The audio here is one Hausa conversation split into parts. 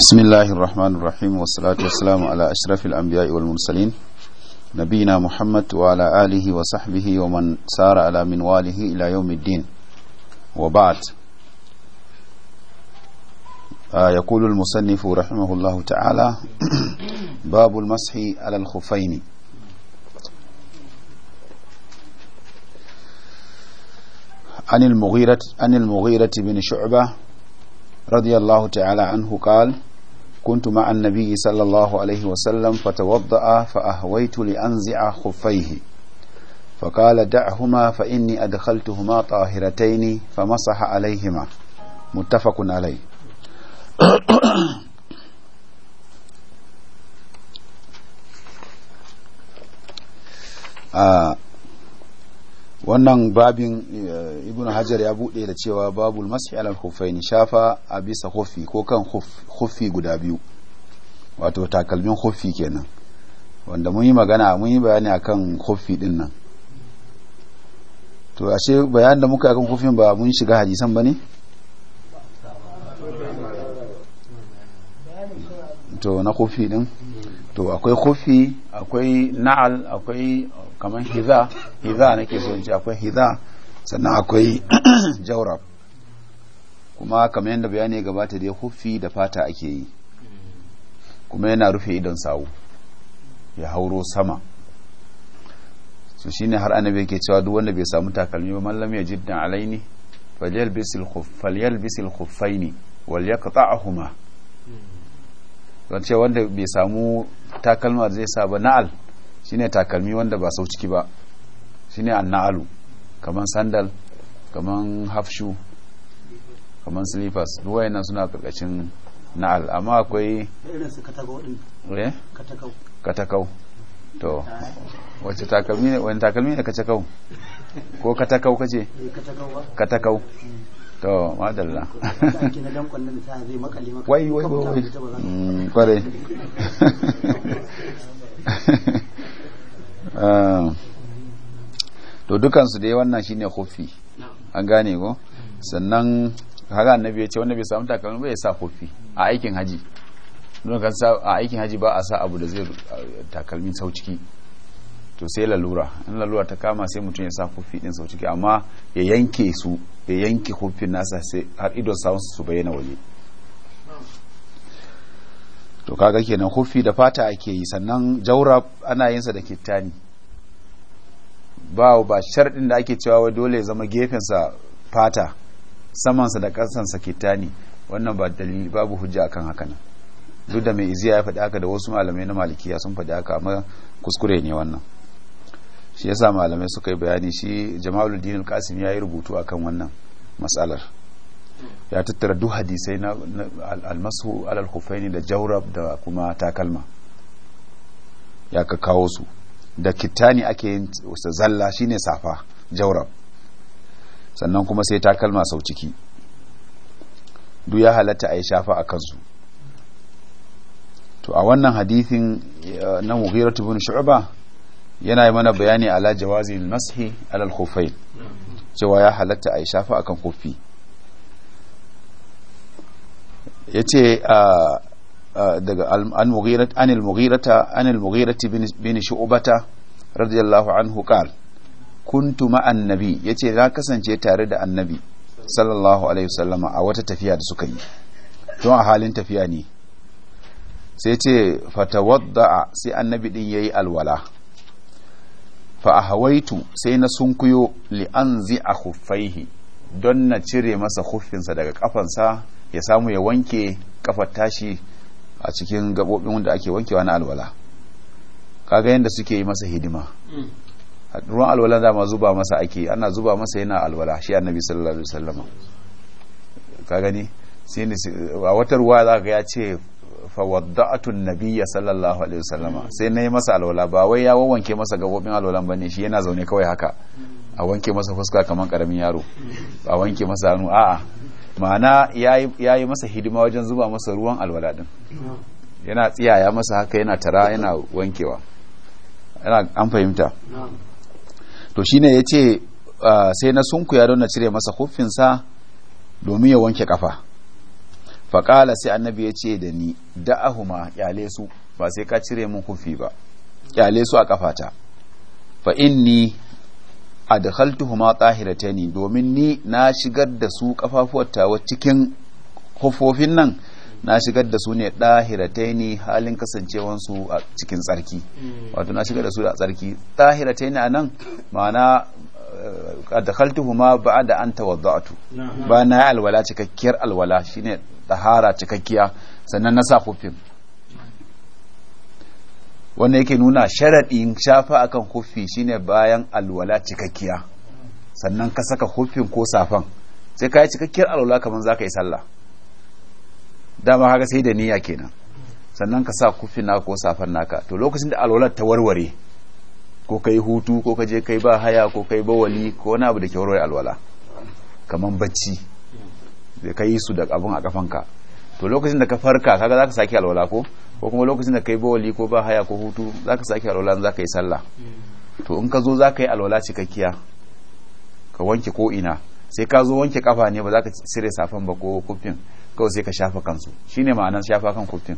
بسم الله الرحمن الرحيم والصلاة والسلام على أشرف الأنبياء والمرسلين نبينا محمد وعلى آله وصحبه ومن سار على منواله إلى يوم الدين وبعد آه يقول المصنف رحمه الله تعالى باب المسح على الخفين عن المغيرة, عن المغيرة بن شعبة رضي الله تعالى عنه قال كنت مع النبي صلى الله عليه وسلم فتوضأ فأهويت لأنزع خفيه فقال دعهما فإني أدخلتهما طاهرتين فمسح عليهما متفق عليه آه wannan babin eh, ibn hajar ya buɗe da cewa babul masih alal khuffain shafa a bisa hufi ko kan hufi guda biyu wato takalmin hufi kenan wanda mun yi magana mun yi bayani akan hufi din nan to ashe bayan da muka akan hufin ba mun shiga hadisan bane to na hufi din to akwai hufi akwai na'al akwai kamar hiza hiza nake so in akwai hiza sannan akwai jaurab kuma kamar yadda bayani ya gabata da hufi da fata ake yi kuma yana rufe idon sawu ya hauro sama su ne har annabi yake cewa duk wanda bai samu takalmi ba mallam ya jiddan alaini falyalbisil falyalbisil khuffaini wal yaqta'huma don ce wanda bai samu takalma zai sa ba na'al shine takalmi wanda ba sau ciki ba shine anna'alu kaman sandal kaman hafshu kaman slippers duk wayannan suna karkashin na'al amma akwai eh? katakau to wacce takalmi ne wani takalmi ne katakau ko katakau kace eh, katakau hmm. to madalla wai wai wai hmm, kware Ah. to dukansu dai wannan shine kofi an gane ko sannan haka annabi ya ce wanda bai samu takalmi ya sa kofi a aikin haji don kan sa a aikin haji ba a sa abu da zai eh, takalmi sau ciki to sai lalura in lalura ta kama sai mutum ya sa kofi din sau ciki amma ya yanke su ya yanke kofin nasa sai har idon sawun su bayyana waje to kaga kenan hufi da fata ake yi sannan jaura ana yin sa da kittani ba ba sharɗin da ake cewa wai dole ya zama gefen sa fata saman sa da sa kittani wannan ba dalili babu hujja akan haka nan duk da mai iziya ya faɗi haka da wasu malamai na malikiya sun faɗi haka amma kuskure ne wannan shi yasa malamai suka yi bayani shi jama'ul din al-qasim ya yi rubutu akan wannan matsalar ya tattara duk hadisai na almasu alal hufaini da jaurab da kuma takalma ya ka kawo su da kitani ake yin zalla shine safa jaurab sannan kuma sai takalma sau ciki du ya halatta a yi shafa a kansu to a wannan hadithin na mughiratu bin shu'ba yana yi mana bayani ala jawazin mashi alal khuffain cewa ya halatta a yi shafa a kan kufi ya ce ah, ah, daga anil mughirata anil bin shu'bata radiyallahu anhu qal kuntu ma'an nabi yace na kasance tare da annabi sallallahu alaihi wasallama a wata tafiya da suka yi tun a halin tafiya ne sai ce a sai annabi din yayi alwala fa hawaitu sai na sunkuyo li'anzi zi a khuffaihi don na cire masa hufinsa daga kafansa ya samu ya wanke kafar tashi a cikin gabobin wanda ake wankewa na alwala kaga yadda suke yi masa hidima hmm. ruwan alwala dama zuba masa ake ana zuba masa yana alwala shi annabi sallallahu alaihi wasallam ka gani sai ne a wata ruwa za ka ya ce fa wadda'atu nabiyya sallallahu alaihi wasallam hmm. sai na yi masa alwala ba wai ya wanke masa gabobin alwalan bane shi yana zaune kawai haka hmm. a wanke masa fuska kaman karamin yaro a wanke masa hannu a'a ma'ana ya yi masa hidima wajen zuba masa ruwan alwala din yana tsiyaya masa haka yana tara yana wankewa yana an fahimta to shine ya ce ah, sai na sunkuya don na cire masa hufinsa domin ya wanke kafa faƙala sai annabi ya ce da ni da'ahuma kyale su ba sai ka cire mun hufi ba kyale su a kafata fa inni A adkhaltuhuma tahiratani domin ni na shigar da su kafafuwatawa cikin hufofin nan na shigar da su ne ɗahirataini halin kasancewansu a cikin tsarki hmm. wato na shigar da su a tsarki ɗahirataini a nan ma'ana eh, adkhaltuhuma da an tawadda'tu ba na alwala cikakkiyar alwala shine tahara cikakkiya sannan na sa hufin wanda yake nuna sharaɗin shafa akan hufi shine bayan alwala cikakkiya sannan ka saka hufin ko safan sai ka yi cikakkiyar alwala kamar za ka yi sallah dama haka sai da niyya kenan sannan ka sa hufin naka ko safan naka to lokacin da alwalar ta warware ko ka yi hutu ko ka je kai ba haya ko kai bawali ko wani abu da ke warware alwala kamar bacci zai ka yi su da abun a kafanka to lokacin da ka farka kaga zaka sake alwala ko ko kuma lokacin da kai bawali ko ba haya ko hutu zaka sake alwala ka yi sallah to in ka zo za ka yi alwala cikakkiya ka wanke ko ina sai ka zo wanke kafa ne ba za ka cire safan ba ko kufin kawai sai ka shafa kansu shine ma'anar shafa kan kufin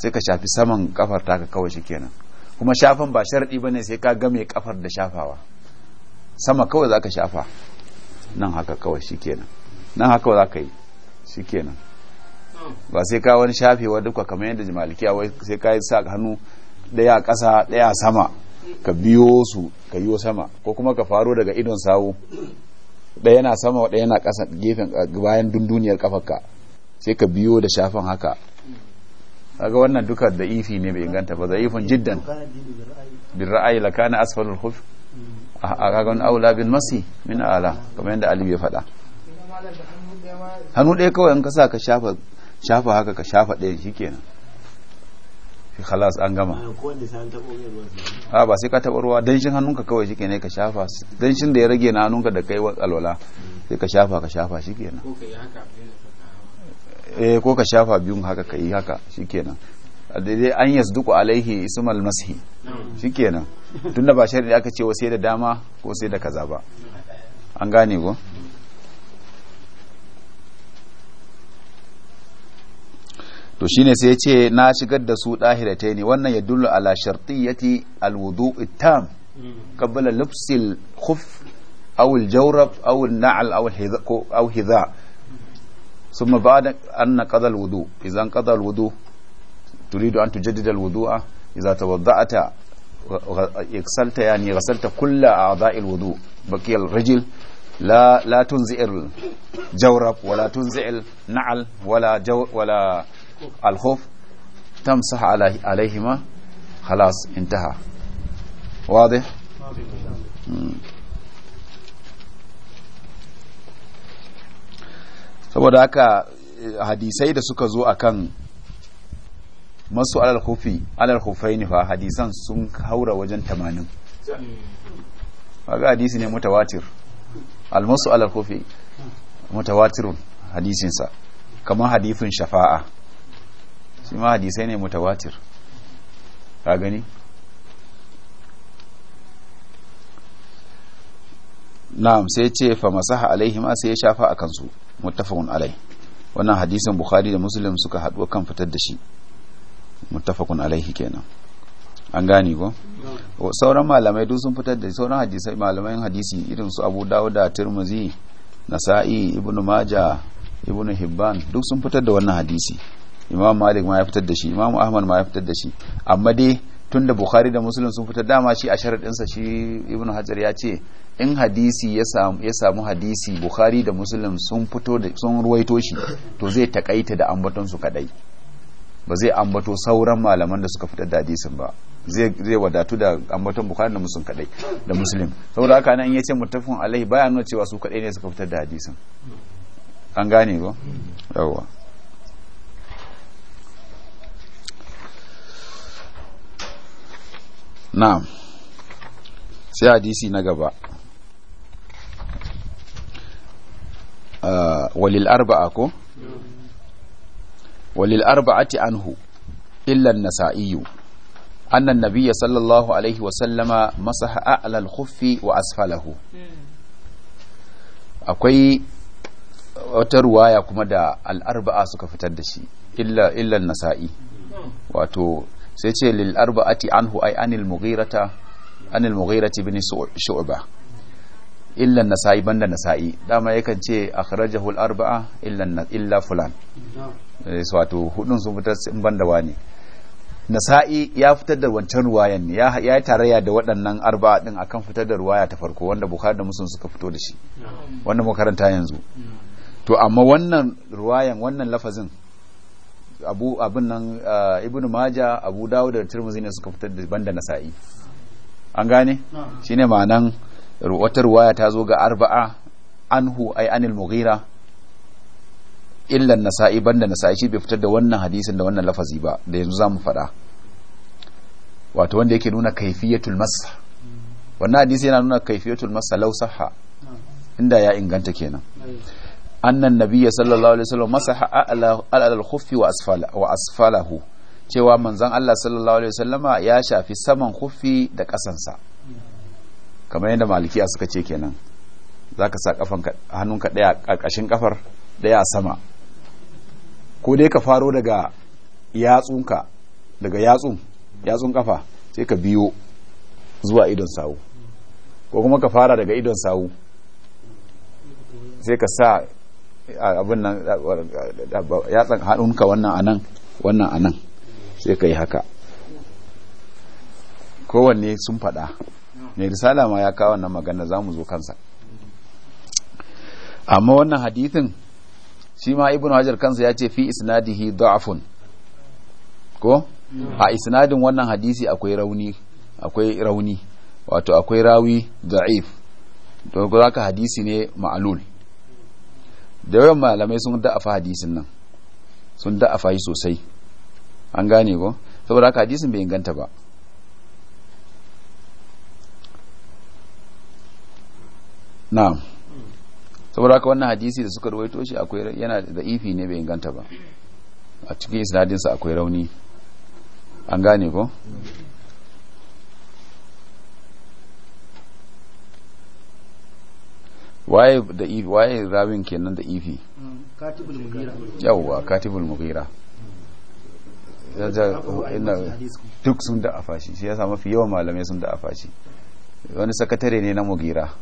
sai ka shafi saman kafar taka kawai shikenan kuma shafan ba sharadi bane sai ka game kafar da shafawa sama kawai za ka shafa nan haka kawai shikenan nan haka za ka yi shikenan ba sai ka wani shafewa duka kamar yadda malikiya wai sai ka yi sa hannu daya ƙasa daya sama ka biyo su ka yi sama ko kuma ka faro daga idon sawu ɗaya yana sama ɗaya yana ƙasa gefen bayan dunduniyar kafarka sai ka biyo da shafin haka kaga wannan duka da ifi ne bai inganta ba zaifin jiddan bin ra'ayi lakana asfalul khuf a kaga wani aula bin masi min ala kamar yadda alibi ya faɗa hannu ɗaya kawai in ka sa ka shafa shafa haka ka shafa ɗayan shikenan fi khalas an gama a ba sai ka taɓa ruwa danshin hannunka kawai shi ne ka shafa danshin da ya rage na hannunka da kai alwala sai ka shafa ka shafa shi kenan eh ko ka shafa biyun haka ka yi haka shi kenan daidai an yasduku alaihi ismal mashi shi kenan tunda ba shari'a aka ce wa sai da dama ko sai da kaza ba an gane ko to shine sai ce na shigar da su ɗahirata ne wannan ya dullu ala shartiyyati alwudu ittam qabla lufsil khuf aw aljawrab aw an'al aw hidha ko aw hidha thumma ba'da an qada alwudu idhan qada alwudu turidu an tujaddid alwudu'a idha tawaddata iksalta yani ghasalta kull a'dha'il wudu baqiya alrajul la la tunzi'il jawrab wala tunzi'il na'al wala jaw wala الخوف تمسح عليهما خلاص انتهى واضح saboda haka hadisai da suka zo akan masu alal kufi alal kufaini fa hadisan sun haura wajen 80 kaga hadisi ne mutawatir al masu alal kufi mutawatirun hadisinsa kamar hadifin shafa'a shi ma hadisai ne mutawatir ka gani na'am sai ce fa masaha ma sai ya shafa a kansu muttafaqun alai wannan hadisin bukhari da muslim suka haduwa kan fitar da shi muttafaqun alaihi kenan an gane ko sauran malamai duk sun fitar da sauran hadisai malamai hadisi irin su Abu Dawud da Tirmidhi Nasa'i Ibn Majah Ibn Hibban duk sun fitar da wannan hadisi imam malik ma ya fitar da shi imam ahmad ma ya fitar da shi amma dai tunda bukhari da muslim sun fitar dama shi a sharaɗinsa shi ibnu hajar ya ce in hadisi ya samu hadisi bukhari da muslim sun fito da sun ruwaito shi to zai takaita da ambaton su kadai ba zai ambato sauran malaman da suka fitar da hadisin ba zai wadatu da ambaton bukhari da muslim kadai da muslim saboda haka nan yace muttafaqun alaihi baya nuna cewa su kadai ne suka fitar da hadisin an gane ba yawa na'am sai hadisi na gaba ah, walil arba'a ko walil arba'ati anhu illa an-nasa'i anna an-nabiy sallallahu alaihi wa sallama masaha a'la al-khuffi wa asfalahu akwai wata ruwaya kuma da al-arba'a suka fitar da shi illa illa an-nasa'i wato sai ce lil arba'ati anhu ay anil mughirata anil mughirati bin shu'ba illa nasai banda nasai dama yakan ce akhrajahu al arba'a illa illa fulan eh, so wato hudun sun fitar sun banda wani nasa'i ya fitar da wancan ruwayan ya ya tarayya da waɗannan arba'a din akan fitar da ruwaya ta farko wanda bukhari da muslim suka fito da shi wanda makaranta yanzu to amma wannan ruwayan wannan lafazin abu abun nan uh, ibnu maja abu dawud da tirmidhi ne suka fitar da banda nasa'i an gane shine ma'anan wata ruwaya ta zo ga arba'a anhu ay anil mughira illa nasa'i banda nasa'i shi bai fitar da wannan hadisin da wannan lafazi ba da yanzu zamu faɗa wato wanda yake nuna kaifiyatul masa wannan hadisi yana nuna kaifiyatul masa lausaha inda ya inganta kenan annan nabiyya sallallahu alaihi wasallam masaha ala khuffi wa asfala wa asfalahu cewa manzon Allah sallallahu alaihi wasallama ya shafi saman khuffi da kasansa kamar yadda malikiya suka ce kenan zaka sa kafan hannunka daya a kashin kafar daya sama ko dai ka faro daga yatsunka daga yatsun yatsun kafa sai ka biyo zuwa idon sawu ko kuma ka fara daga idon sawu sai ka sa abin nan ya tsan hannunka wannan anan wannan anan sai ka yi haka kowanne sun faɗa mai risala ma ya kawo wannan magana za mu zo kansa amma wannan hadithin shi ma ibn hajar kansa ya ce fi isnadihi da'afun ko a isnadin wannan hadisi akwai rauni akwai rauni wato akwai rawi da'if to ka hadisi ne ma'alul da yawan malamai sun da'afa hadisin nan sun da'afa yi sosai an gane ko saboda haka hadisin bai inganta ba na saboda haka wannan hadisi da suka ruwaito shi akwai yana da ifi ne bai inganta ba a cikin isnadinsa akwai rauni an gane ko waye da ifi waye rawin kenan da ifi katibul mughira yawwa katibul mughira duk sun da afashi shi yasa mafi yawan malamai sun da afashi wani sakatare ne na mugira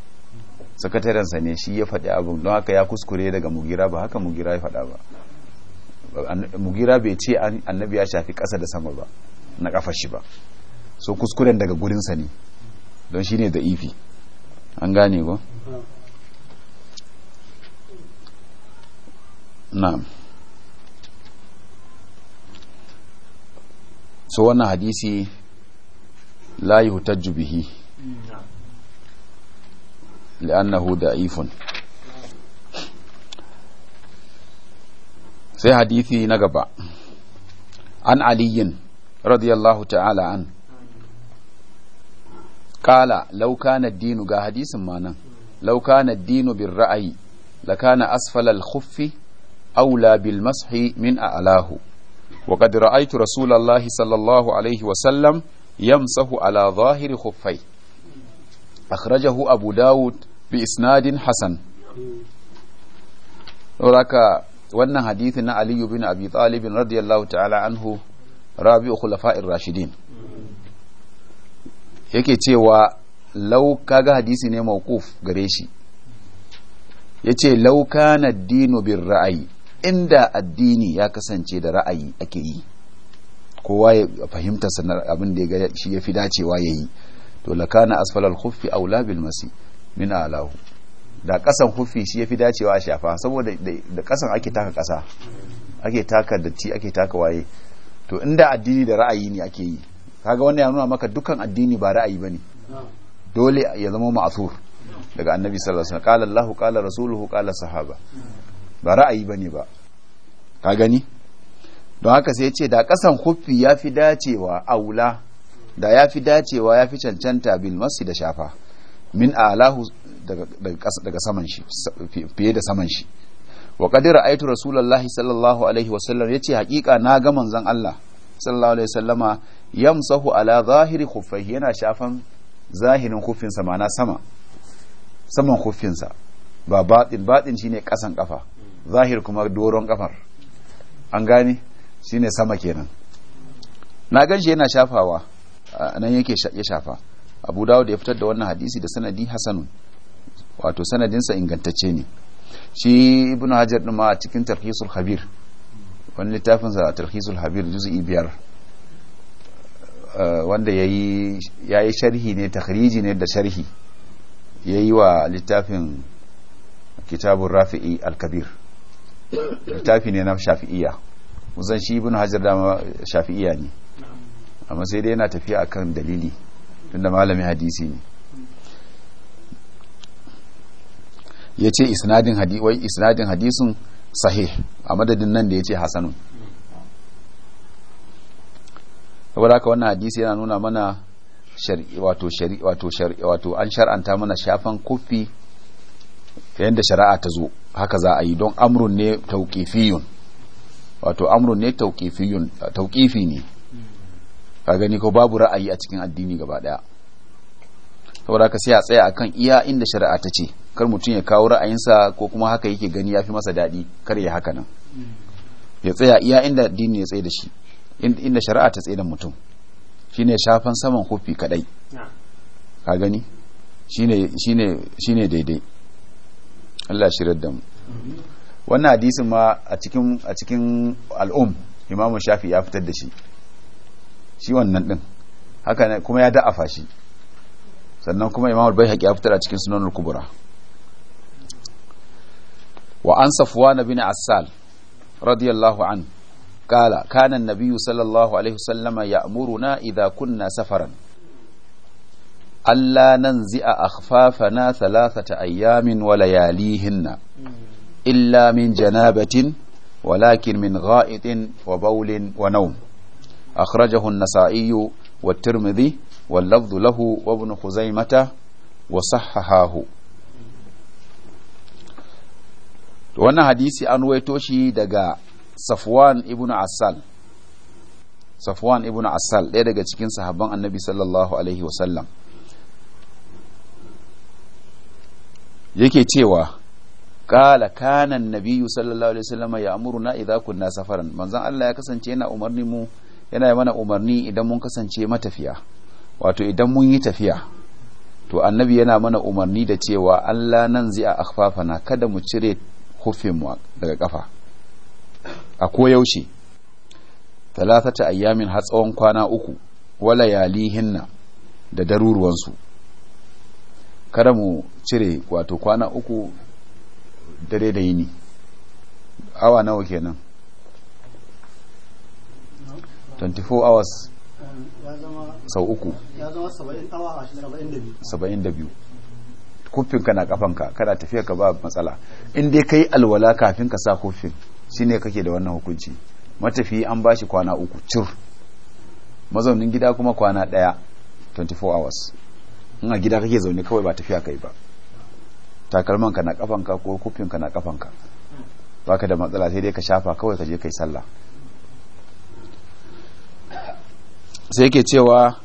sa ne shi ya faɗi abun don haka ya kuskure daga mugira ba haka mugira ya faɗa ba mugira bai ce annabi ya shafi ƙasa da sama ba na kafa shi ba so kuskuren daga sa ne don shi ne da ifi an gane ba na'am so wannan hadisi la yuhtajju bihi li'annahu da'ifun sai hadisi na gaba an aliyin radiyallahu ta'ala an kala laukana dinu ga hadisin manan laukana dinu bin ra'ayi lakana asfalal khuffi أولى بالمسح من أعلاه وقد رأيت رسول الله صلى الله عليه وسلم يمسح على ظاهر خفيه أخرجه أبو داود بإسناد حسن ورك وأن حديثنا علي بن أبي طالب رضي الله تعالى عنه رابع خلفاء الراشدين yake cewa lau kaga hadisi ne mawquf gare shi yace lau kana dinu bir ra'ayi inda addini ya kasance da ra'ayi ake yi kowa ya fahimta sanar abin da ya shi ya fi dacewa ya yi to lakana asfalal khuffi aula bil masi min alahu da kasan khuffi shi ya fi dacewa a shafa saboda da kasan ake taka kasa ake taka datti ake taka waye to inda addini da ra'ayi ne ake yi kaga wannan ya nuna maka dukkan addini ba ra'ayi bane dole ya zama ma'thur daga annabi sallallahu alaihi wasallam qala Allahu qala rasuluhu qala sahaba ba ra'ayi ba ne ba ka gani don haka sai ce da kasan huffi ya fi dacewa a wula da ya fi dacewa ya fi cancanta bil masu da shafa min alahu daga saman shi fiye da saman shi wa kadira aitu rasulullahi sallallahu alaihi wasallam ce hakika na ga manzon Allah sallallahu alaihi wasallama yamsahu ala zahiri khuffaihi yana shafan zahirin khuffinsa ma'ana sama saman khuffinsa ba batin batin shine kasan kafa zahir kuma doron kafar an gane shine sama kenan na gan shi yana shafawa nan yake ya shafa abu dawo da ya fitar da wannan hadisi da sanadi hasanu wato sanadinsa ingantacce ne shi ibn hajar ma a cikin tarhisul habir wani littafinsa tarhisul habir juz'i biyar eh, wanda ya yi sharhi ne takhriji ne da sharhi ya yi wa littafin kitabun rafi'i al-kabir littafi ne na shafi'iyya musan shi ibn hajar dama shafi'iyya ne amma sai dai yana tafiya akan dalili tunda malami hadisi ne ya ce isnadin hadisun sahih a madadin nan da ya ce hasanun saboda haka wannan hadisi yana nuna mana wato an shar'anta mana shafan kufi yadda shari'a ta zo haka za a yi don amurin ne tauqifiyun wato amurin ne tauqifiyun ne ka gani ko babu ra'ayi a cikin addini gaba daya saboda ka sai a tsaya akan iya inda shari'a ta ce kar mutum ya kawo ra'ayinsa ko kuma haka yake gani ya fi masa daɗi kar ya haka nan ya tsaya iya inda addini ya tsaye da shi inda shari'a ta tsaye da mutum shine shafan saman hufi kaɗai ka gani shine shine shine daidai Allah shirar da mu wannan hadisin ma a cikin a cikin al'um Imam Shafi ya fitar da shi shi wannan din haka ne kuma ya da'afa shi sannan kuma Imam bai ya fitar a cikin Sunan Al-Kubra wa an Safwan bin Assal radiyallahu an قال كان النبي صلى الله عليه وسلم يأمرنا إذا كنا safaran. Allah nan zi'a akhfafana salasata ayyamin wa layalihinna illa min janabatin walakin min gha'itin wa baulin wa nawm akhrajahu an-nasa'i wa at-tirmidhi wal lafdhu lahu wa ibn khuzaimah wa sahahahu wannan hadisi an waito shi daga Safwan ibn Asal Safwan ibn Asal ɗaya daga cikin sahabban Annabi sallallahu alaihi sallam. yake cewa ƙala kanan nabiyu nabiyyu sallallahu alaihi wasallam na idza kunna safaran manzon Allah ya kasance yana umarni mu yana mana umarni idan mun kasance matafiya wato idan mun yi tafiya to annabi yana mana umarni da cewa Allah nan zai a akhfafana kada mu cire hufinmu daga kafa a koyaushe talatata ayyamin har kwana uku wala hinna da daruruwansu kada mu cire wato kwana uku dare da yini awa nawa kenan 24 hours sau uku saba'in da biyu kufinka na kafanka kada tafiya ka ba matsala in dai yi alwala kafin ka sa kufin shine kake da wannan hukunci matafi an bashi kwana uku cir mazaunin gida kuma kwana daya 24 hours in gida kake zaune kawai ba tafiya kai ba takalman ka na kafan ka ko kufin ka na kafan ka baka da matsala sai dai ka shafa kawai ka je kai sallah sai ke cewa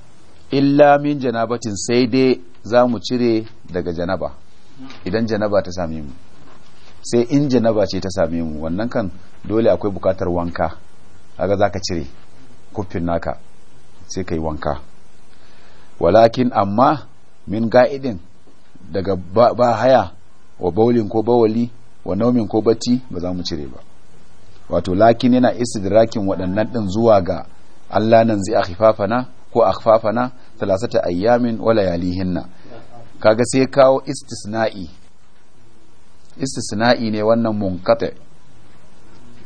illa min janabatin sai dai zamu cire daga janaba idan janaba ta same mu sai in janaba ce ta same mu wannan kan dole akwai bukatar wanka aga za ka cire kufin naka sai ka wanka walakin amma min ga'idin daga ba haya wa baulin ko bawali wa naumin ko bacci ba za mu cire ba wato lakin yana istidrakin waɗannan ɗin zuwa ga Allah nan zai akhifafana ko a akhfafana talasata ayyamin wa hinna kaga sai kawo istisna'i istisna'i ne wannan munkata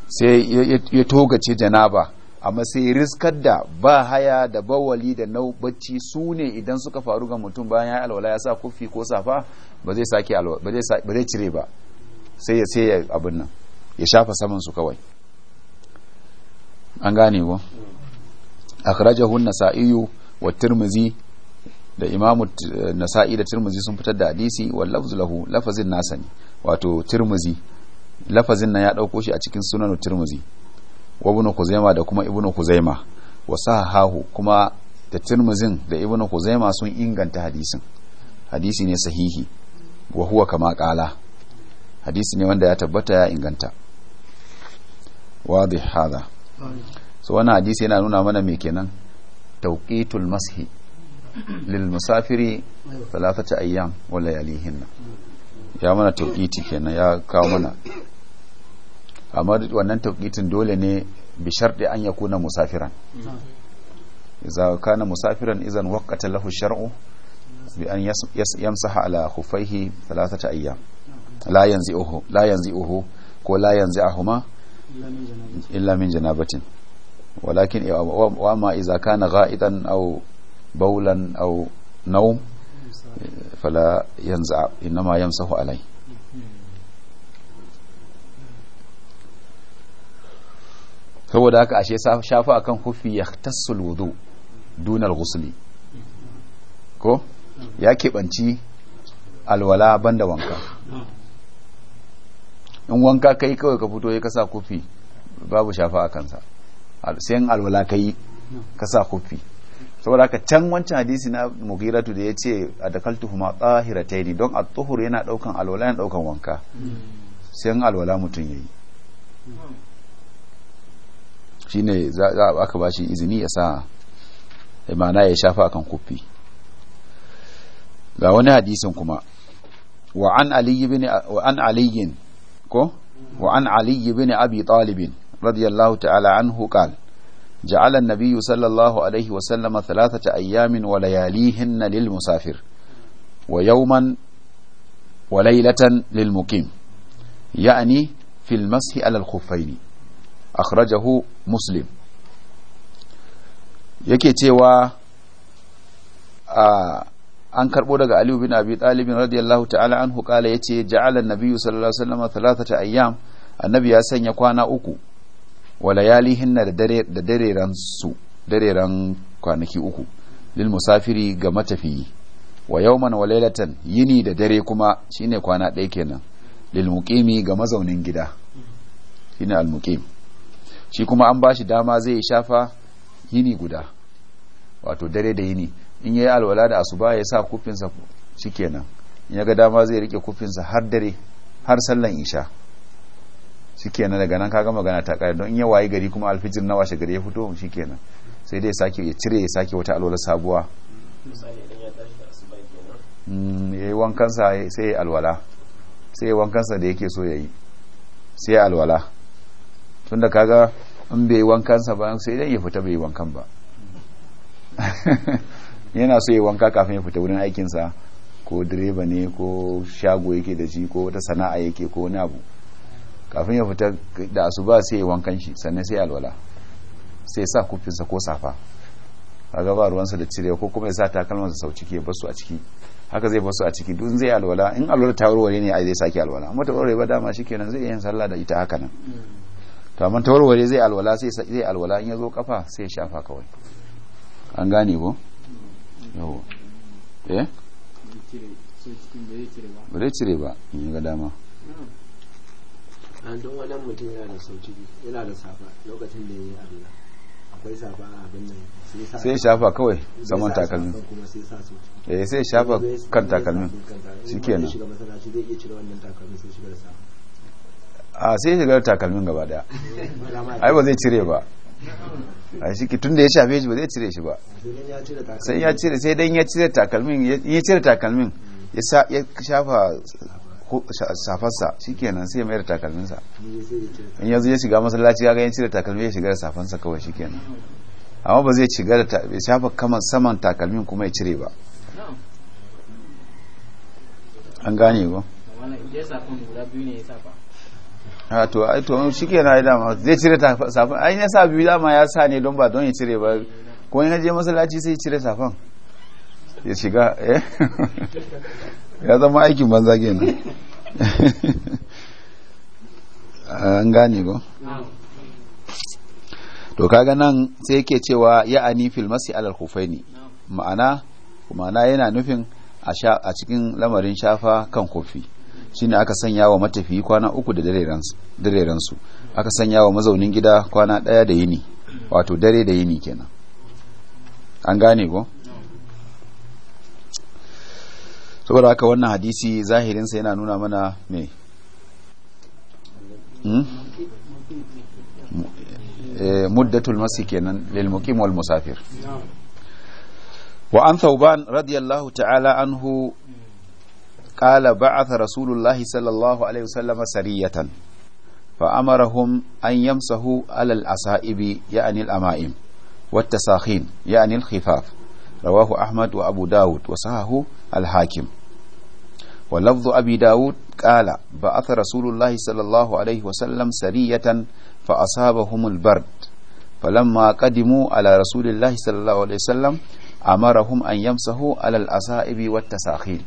sai ya togace janaba amma sai riskar da ba haya da bawali da naubacci su ne idan suka faru ga mutum bayan ya alwala ya sa kufi ko safa ba zai sake ba zai cire ba sai ya sai ya abin nan ya shafa saman su kawai an gane ko akhrajahu an-nasa'i wa tirmizi da imamu eh, nasa'i da tirmizi sun fitar da hadisi wal lafzu lahu lafazin nasani wato tirmizi lafazin nan ya dauko shi a cikin sunan tirmizi wa ibn kuzaima da kuma ibn kuzaima wa sahahu kuma da tirmizin da ibn kuzaima sun inganta hadisin hadisi ne sahihi wa huwa kama qala hadisi ne wanda ya tabbata ya inganta wadi hada so wannan hadisi yana nuna mana me kenan tawqitul mashi lil musafiri thalathata ayyam wa layalihin ya mana tawqiti kenan ya kawo mana amma wannan tauqitin dole ne bi sharɗi an ya kuna musafiran idza kana musafiran idan waqata lahu shar'u bi an yamsaha ala khuffaihi thalathata ayyam la yanzu la ko la ahuma illa min janabatin walakin wa ma idza kana gha'idan aw bawlan aw nawm fala yanza inma yamsahu alayhi saboda haka ashe shafa akan hufi ya tassul wudu dunar gusuli ko ya keɓanci alwala banda wanka in wanka kai kawai ka fito ya kasa kufi babu shafa a kansa sai alwala ka yi kasa kufi saboda haka can wancan hadisi na mugiratu da ya ce a dakaltu huma tsahiratai don don al yana daukan alwala yana daukan wanka sai alwala mutum ya yi shi ne za a aka ba izini ya sa imana eh, ya shafa kan kufi ga wani hadisin kuma wa'an aliyyin ko wa'an aliyyin bin abi talibin radiyallahu ta'ala an hukal ja'alan nabiyu sallallahu alaihi wasallama talatata ayyamin wa layalihin lil musafir wa yawman wa lailatan lil muqim ya'ani fil masih ala al-khuffaini akhrajahu muslim yake cewa an karbo daga aliyu bin abi talibin radiyallahu ta'ala anhu kala yace ja'ala an-nabiyyu sallallahu alaihi wasallam thalathata ayyam annabi ya sanya kwana uku wa layalihin da dare da ran su ran kwanaki uku lil musafiri ga matafiyi wa yawman wa laylatan yini da dare kuma shine kwana ɗaya kenan lil muqimi ga mazaunin gida shine al muqim shi kuma an bashi dama zai shafa yini guda wato dare da yini in yayi alwala da asuba ya sa kufinsa shikenan in ya ga dama zai rike kufinsa har dare har sallan isha shikenan daga nan kaga magana ta kare don in ya wayi gari kuma alfijir na washe gari ya fito shikenan sai dai sake ya cire ya sake wata alwala sabuwa ya mm, yi wankansa sai ya alwala sai ya wankansa da yake so ya yi sai ya alwala tunda kaga in bai wankansa ba sai idan ya fita bai wankan ba yana so ya wanka kafin ya fita wurin aikinsa ko direba ne ko shago yake da shi ko wata sana'a yake ko wani abu kafin ya fita da asuba sai ya wankan shi sannan sai alwala sai sa kufinsa ko safa kaga ba ruwansa da cire ko kuma ya sa takalmansa sau ciki ya basu a ciki haka zai basu a ciki duk zai alwala in alwala ta warware ne a zai sake alwala ta warware ba dama shikenan zai yin sallah da ita haka nan to amma ta warware zai alwala sai zai alwala in yazo kafa sai ya shafa kawai an gane ko yawo eh ba zai cire ba in ga dama an don wannan mutum yana da sauki yana da safa lokacin da yayi allah akwai safa a abin nan sai shafa kawai saman takalmi eh sai shafa kan takalmi shikenan shiga masallaci zai iya cire wannan takalmin sai shiga da safa a sai ya shiga takalmin gaba daya ai ba zai cire ba a shi tun da ya shafe shi ba zai cire shi ba sai ya cire sai dan ya cire takalmin ya cire takalmin ya shafa safarsa shikenan sai ya mayar takalminsa in yanzu ya shiga masallaci ga ya cire takalmin ya shiga da safansa kawai shikenan amma ba zai shiga da ya shafa kamar saman takalmin kuma ya cire ba an gane ba a ah, to ai to shi ke na dama zai cire safan ai ya sa biyu dama ya sa ne don ba don ya cire ba ko in je masallaci sai ya cire safan ya shiga eh? ya zama aikin banza kenan ah, an gane ko to kaga nan sai yake cewa ya ani fil masi alal khufaini ma'ana ma'ana yana nufin a cikin lamarin shafa kan kofi shine aka sanya wa matafiyi kwana uku da dareransu aka sanya wa mazaunin gida kwana daya da yini wato dare da yini kenan an gane ko saboda haka wannan hadisi zahirinsa yana nuna mana me hmm? eh, muddatul masi kenan lil wal musafir wa an thawban radiyallahu ta'ala anhu قال بعث رسول الله صلى الله عليه وسلم سرية فأمرهم أن يمسحوا على الأصائب يعني الأمائم والتساخين يعني الخفاف رواه أحمد وأبو داود وصحه الحاكم ولفظ أبي داود قال بعث رسول الله صلى الله عليه وسلم سرية فأصابهم البرد فلما قدموا على رسول الله صلى الله عليه وسلم أمرهم أن يمسحوا على الأصائب والتساخين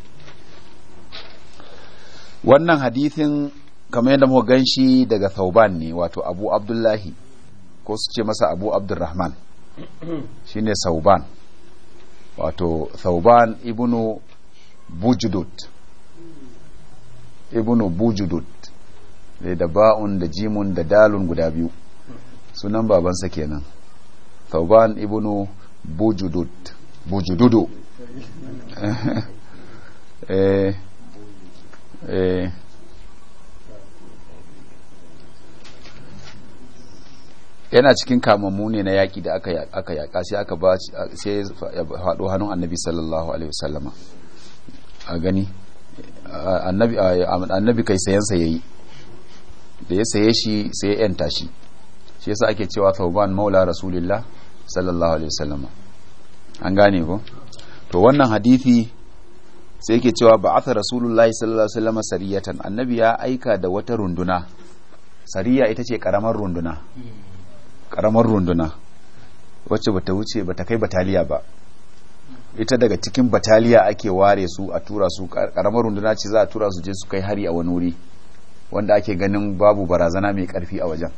wannan hadithin kamar yadda muka gan shi daga thauban ne wato abu abdullahi ko su ce masa abu abdurrahman ne sauban wato thauban ibnu bujudud ibnu bujudud da da ba'un da jimun da dalun guda biyu sunan babansa kenan thauban ibnu bujudud bujududu eh, eh yana cikin kamammu ne na yaƙi da aka yaƙa sai aka ba sai ya faɗo hannun annabi sallallahu alaihi wasallama a gani annabi kai sayansa ya yi da ya saye shi sai ya yanta shi shi yasa ake cewa tauban maula rasulillah sallallahu alaihi wasallama an gane ko to wannan hadithi sai yake cewa ba'atha rasulullahi sallallahu alaihi wasallam sariyatan annabi ya aika da wata runduna sariya ita ce karamar runduna karamar runduna wacce bata wuce bata kai bataliya ba ita daga cikin bataliya ake ware su a tura su karamar runduna ce za a tura su je su kai hari a wani wuri wanda ake ganin babu barazana mai karfi a wajen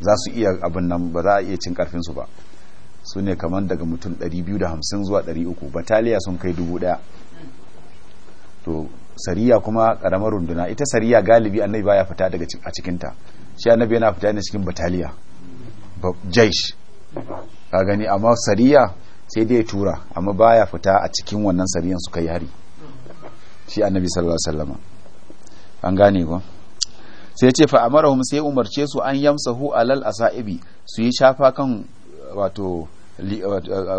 za su iya abin nan ba za a iya cin karfin su ba su ne kamar daga mutum 250 zuwa 300 bataliya sun kai 1000 to sariya kuma karamar runduna ita sariya galibi annabi baya fita daga a cikinta shi annabi yana fita ne cikin bataliya jaish ka gani amma sariya sai dai tura amma baya fita a cikin wannan sariyan suka yi hari shi annabi sallallahu alaihi wasallam an gane ko sai ya ce fa amarahum sai umarce su an yamsahu alal asaibi su yi shafa kan wato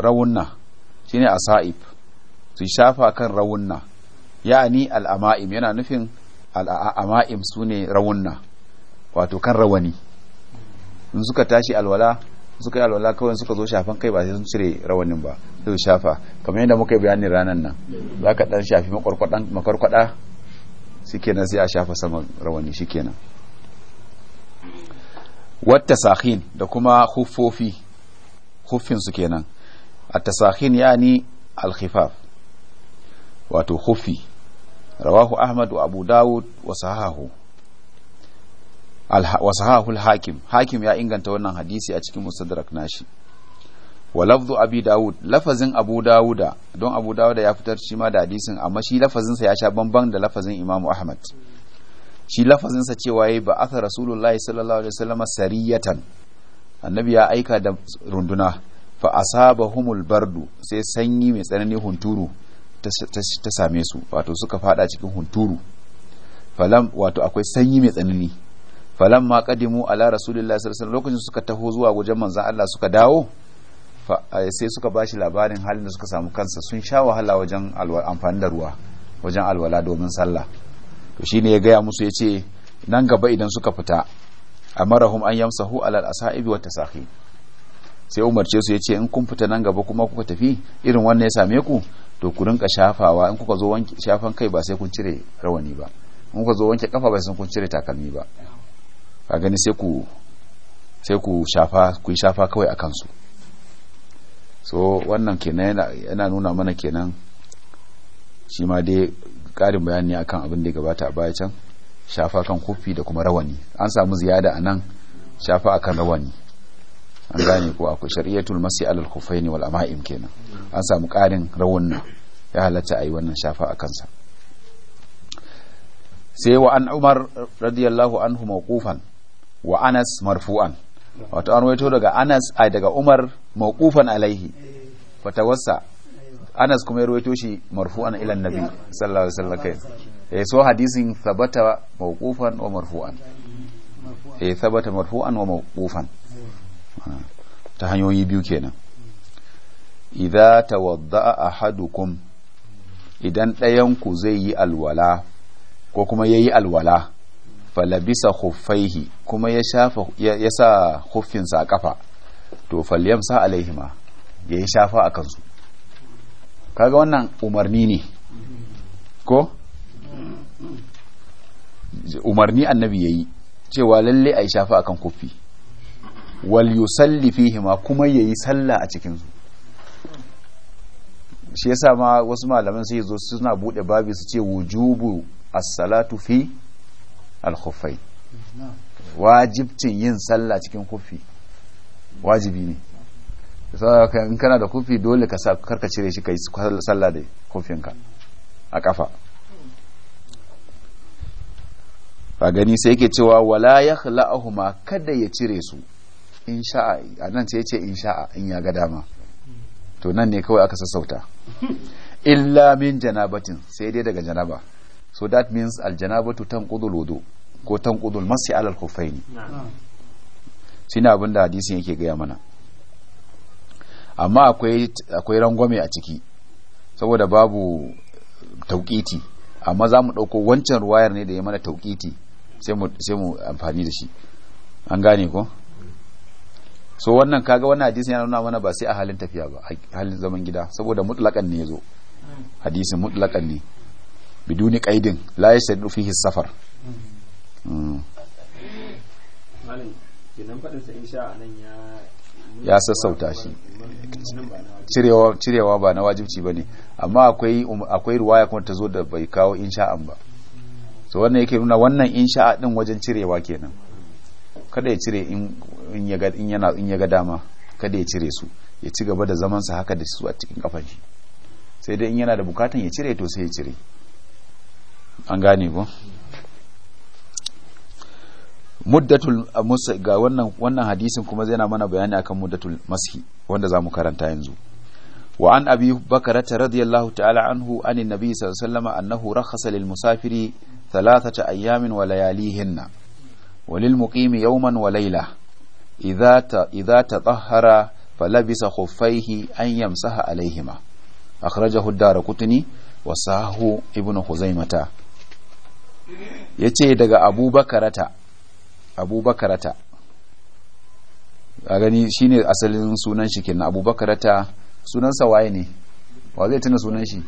rawunna shine asaib su yi shafa kan rawunna ya'ani al'ama'im yana nufin al'ama'im su ne rawunna wato kan rawani in suka tashi alwala suka yi alwala kawai suka zo shafan kai ba sai sun cire rawanin ba sai shafa kamar yadda muka yi bayanin ranar nan za ka dan shafi makwarkwada shikenan sai a shafa saman rawani shikenan wata sahin da kuma huffofi huffin su kenan a tasahin yani alkhifaf wato huffi rawahu ahmad wa abu dawud wa sahahu hakim hakim ya inganta wannan hadisi a cikin mustadrak nashi wa lafzu abi dawud lafazin abu dawuda don abu dauda ya fitar shi ma da hadisin amma shi sa ya sha bamban da lafazin imamu ahmad shi sa cewa yayi ba aka rasulullahi sallallahu alaihi wasallam sariyatan annabi ya aika da runduna fa asabahumul bardu sai sanyi mai tsanani hunturu ta same su wato suka fada cikin hunturu falam wato akwai sanyi mai tsanani falam ma kadimu ala rasulillahi sallallahu alaihi lokacin suka taho zuwa wajen manzon Allah suka dawo eh, sai suka bashi labarin halin da suka samu kansa sun sha wahala wajen amfani da ruwa wajen alwala domin sallah to shine ya gaya musu yace nan gaba idan suka fita amarahum an yamsahu ala al-asa'ibi wa sai umarce su yace in kun fita nan gaba kuma kuka tafi irin wannan ya same ku to ku rinka shafawa in kuka zo wanke shafan kai ba sai kun cire rawani ba in kuka zo wanke kafa ba sai kun cire takalmi ba ka gani sai ku sai ku shafa ku shafa kawai a kansu so wannan kenan yana nuna mana kenan shi ma dai karin bayani akan abin da ya gabata a baya can shafa kan kofi da kuma rawani an samu ziyada a nan shafa akan rawani an gane ko akwai shari'atul masi alal khufaini wal ama'im kenan an samu karin rawun nan ya halatta ayi wannan shafa a kansa sai wa an umar radiyallahu anhu mawqufan wa anas marfu'an wato an waito daga anas ai daga umar mawqufan alaihi fatawassa anas kuma ya rawaito shi marfu'an ila annabi sallallahu alaihi wasallam kai eh so hadisin thabata mawqufan wa marfu'an eh thabata marfu'an wa mawqufan ta hanyoyi biyu kenan idza tawadda'a ahadukum idan ɗayanku zai yi alwala ko kuma yayi alwala falabisa huffaihi kuma ya shafa ya sa huffinsa a kafa to falyamsa alaihima ya yi shafa a kansu kaga wannan umarni ne ko umarni annabi yayi cewa lalle a yi shafa akan kuffi wal yusalli fihima kuma yayi sallah a cikinsu su shi yasa ma wasu malaman sai zo suna bude babi su ce wujubu as-salatu fi al wajibcin yin sallah cikin kuffi wajibi ne in kana da kufi dole ka karka cire shi kai sallah da kuffinka a kafa ba gani sai yake cewa wala yakhla'uhuma kada ya cire su in sha'a a nan sai ya ce in sha'a in ya ga dama to nan ne kawai aka sassauta illa min janabatin sai dai daga janaba so that means aljanabatu tanqudul wudu ko tanqudul masi ala al-khuffaini shine abin da hadisin yake gaya mana amma akwai akwai rangwame a ciki saboda babu tauƙiti amma zamu mu ɗauko wancan ruwayar ne da ya mana tauƙiti sai mu amfani da shi an gane ko so wannan kaga wannan hadisin yana nuna mana ba sai a halin tafiya ba a halin zaman gida saboda mutlakan ne yazo hadisin mutlakan ne biduni qaidin la yasadu fihi safar hmm. ya sassauta shi cirewa cirewa ba na wajibci bane amma akwai um, akwai ruwaya kuma ta zo da bai kawo insha'an ba so wannan yake nuna wannan insha'a din wajen cirewa kenan kada ya cire in yana in ya ga dama kada ya cire su ya ci gaba da zaman sa haka da su a cikin kafan shi sai dai in yana da bukatan ya cire to sai ya cire an gane ko muddatul ga wannan hadisin kuma zai na mana bayani akan muddatul mashi wanda zamu karanta yanzu wa an abi ta radiyallahu ta'ala anhu ani nabi sallallahu alaihi wasallam annahu rakhasa lil musafiri thalathata ayyamin wa hinna walil muqimi yawman wa layla idza ta idza tatahhara falabisa khuffaihi an yamsaha alaihima akhrajahu ad-darqutni wa sahahu ibnu huzaimata yace daga abubakarata abubakarata a gani shine asalin sunan shi kenan abubakarata sunan sa waye ne wa zai tuna sunan shi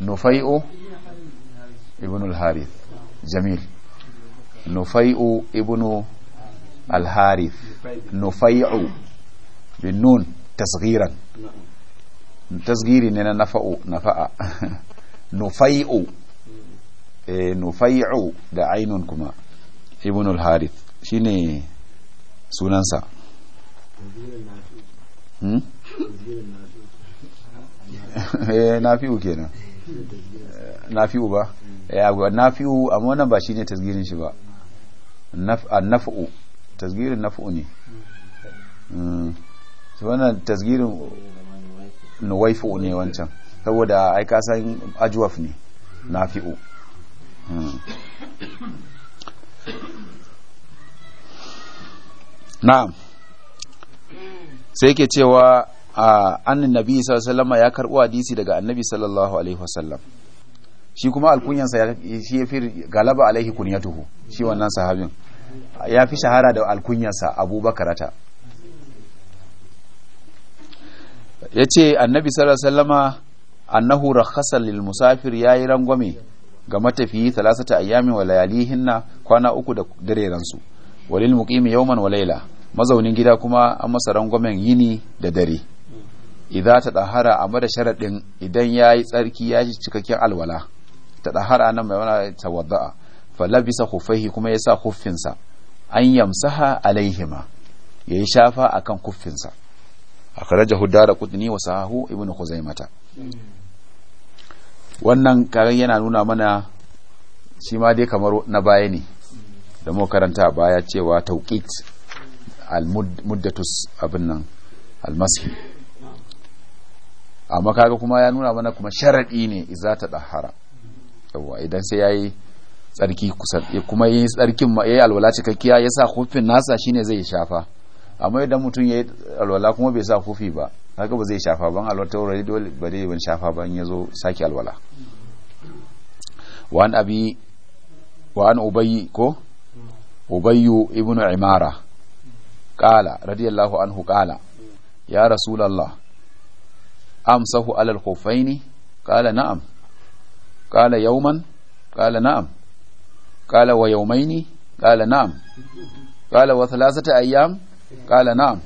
nufai'u ibn al-harith jamil nufai'u ibnu al-harith nufai'u bin nun tasghiran tasghiri ne na nafa'u nafa'a nufai'u eh, nufai'u da ainun kuma ibnu al-harith shine sunansa hmm? Eh, nafi'u kenan eh, nafi'u ba nafi'u amma wannan ba shine tasgirin shi ba annaf'u tasgirin naf'u ne mm. wannan tasgirin nuwaifu ne wancan saboda ai ka san ajwaf ne nafi'u mm. na'am sai ke cewa annin nabi sallallahu alaihi wasallam ya karbo hadisi daga annabi sallallahu alaihi wasallam shi kuma alkunyansa shi ya fi galaba alaihi tuhu shi wannan sahabin ya fi shahara da alkunyansa ta. ya ce annabi sallama annahu rakhasa lil musafir yi rangwame ga matafiyi talasata ayyamin wa hinna kwana uku da dareransu walil muqimi yawman wa layla mazaunin gida kuma an masa rangwamen yini da dare idan ta dahara a mada sharaɗin idan ya yi tsarki ya ji cikakken alwala ta dahara nan mai wani tawadda'a fa labisa kuma kuma yasa khuffinsa an yamsaha alaihima ya yi shafa a akan khuffinsa akhrajahu daraqutni wa sahahu ibnu khuzaimata wannan kayan yana nuna mana shi ma dai kamar na baya ne da mu karanta a baya cewa tauqit al-muddatus abin nan al amma kaga kuma ya nuna mana kuma sharadi ne iza ta dahara yawa idan sai yayi tsarki kusan kuma yi tsarkin ma yayi alwala cikakkiya ya sa kofin nasa shine zai shafa amma idan mutum yayi alwala kuma bai sa kofi ba haka ba zai shafa ban alwala ta wurare dole ba dai ban shafa ban yazo saki alwala wa an abi wa an ubayyi ko ubayyu ibnu imara qala radiyallahu anhu qala ya rasulullah amsahu alal khuffaini qala na'am قال يوما قال نعم قال ويومين قال نعم قال وثلاثة أيام قال نعم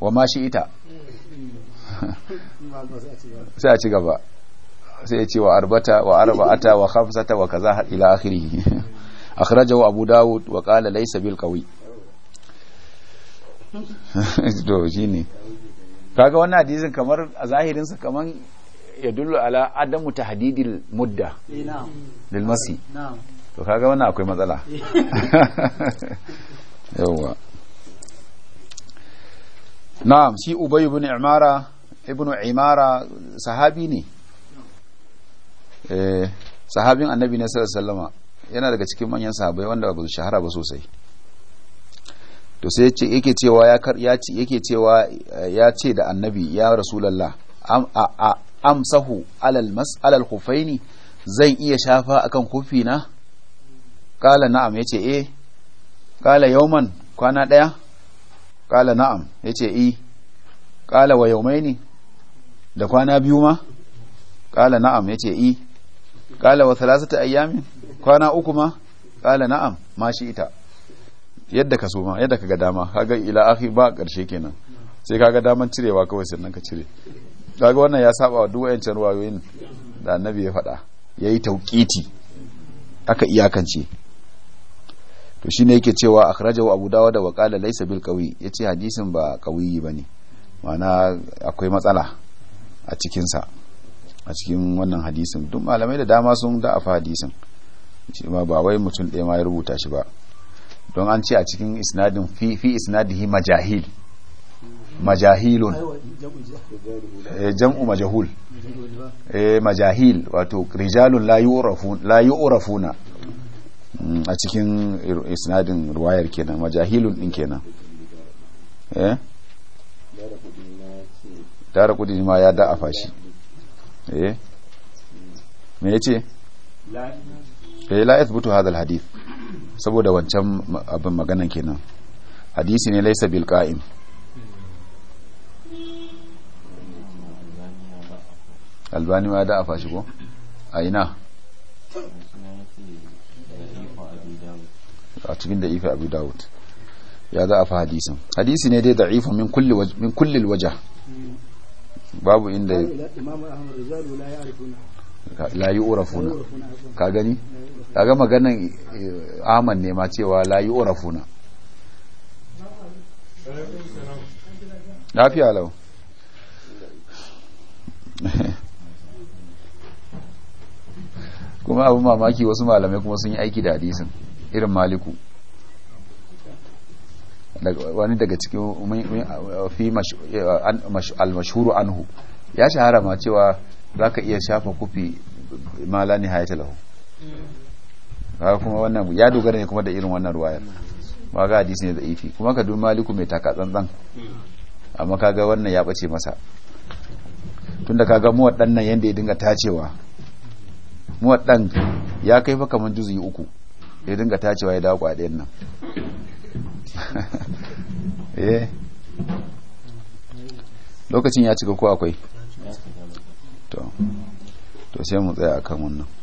وما شئت sai a ci gaba sai ya ce wa arbata wa arba'ata wa khamsata wa kaza ila to shine kaga wannan hadisin kamar a zahirinsa sa yadullu ala adamu tahdidil mudda eh, lil masi to kaga wannan akwai matsala eh. yawa na'am shi ubay ibn imara ibn imara sahabi ne eh sahabin annabi ne sallallahu alaihi wasallama yana daga cikin manyan sahabai wanda ba su shahara ba sosai to sai yace yake cewa ya yake cewa eh, ya ce da annabi ya rasulullah amsahu alal mas'alal khufaini zan iya shafa akan kufi na kala na'am yace eh kala yauman kwana daya kala na'am yace eh kala wa yawmaini da kwana biyu ma kala na'am yace eh kala wa thalathati ayyamin kwana uku ma kala na'am mashi ita yadda ka so ma yadda ka ga dama kaga ila akhi ba karshe kenan sai kaga daman cirewa kawai sannan ka cire kaga wannan ya saba wa duk wayancan ruwayoyin da annabi ya faɗa yi tauƙiti aka iyakance to shi shine yake cewa a a abu dawa wa da laisa bil ya ce hadisin ba ba ne mana akwai matsala a cikin a cikin wannan hadisin duk malamai da dama sun da'afa hadisin ma ba wai mutum ɗaya ma ya rubuta shi ba don an ce a cikin isnadin fi isnadihi majahil majahilun eh, jam'u majahul eh, majahil wato rijalun la yu'rafuna mm, a cikin isnadin ruwayar kenan majahilun din kenan eh tara kudin ma ya da a fashi eh me yace eh la yathbutu hadha alhadith saboda wancan abin maganan kenan hadisi ne laysa bil qa'im albani ma da afa shi ko a ina a cikin da abu dawud ya za a fa hadisin hadisi ne dai da'ifun min kullil waja babu inda la yi urafuna ka gani gama ganin aman ne ma cewa la yi urafuna lafiya lau kuma abin mamaki wasu malamai kuma sun yi aiki da hadisin irin maliku wani daga cikin fi al mashuru anhu ya shahara ma cewa zaka iya shafa kufi mala hayata lahu haka kuma wannan ya dogara ne kuma da irin wannan ruwayar ba ga hadisi ne da ifi kuma ka dun maliku mai taka tsantsan amma kaga wannan ya bace masa tunda kaga mu waɗannan yadda ya dinga tacewa ɗan ya kai fa kamar juzuyi uku ya dinga tacewa ya dawo ɗayan nan eh. lokacin ya cika ko akwai to sai mu tsaya akan wannan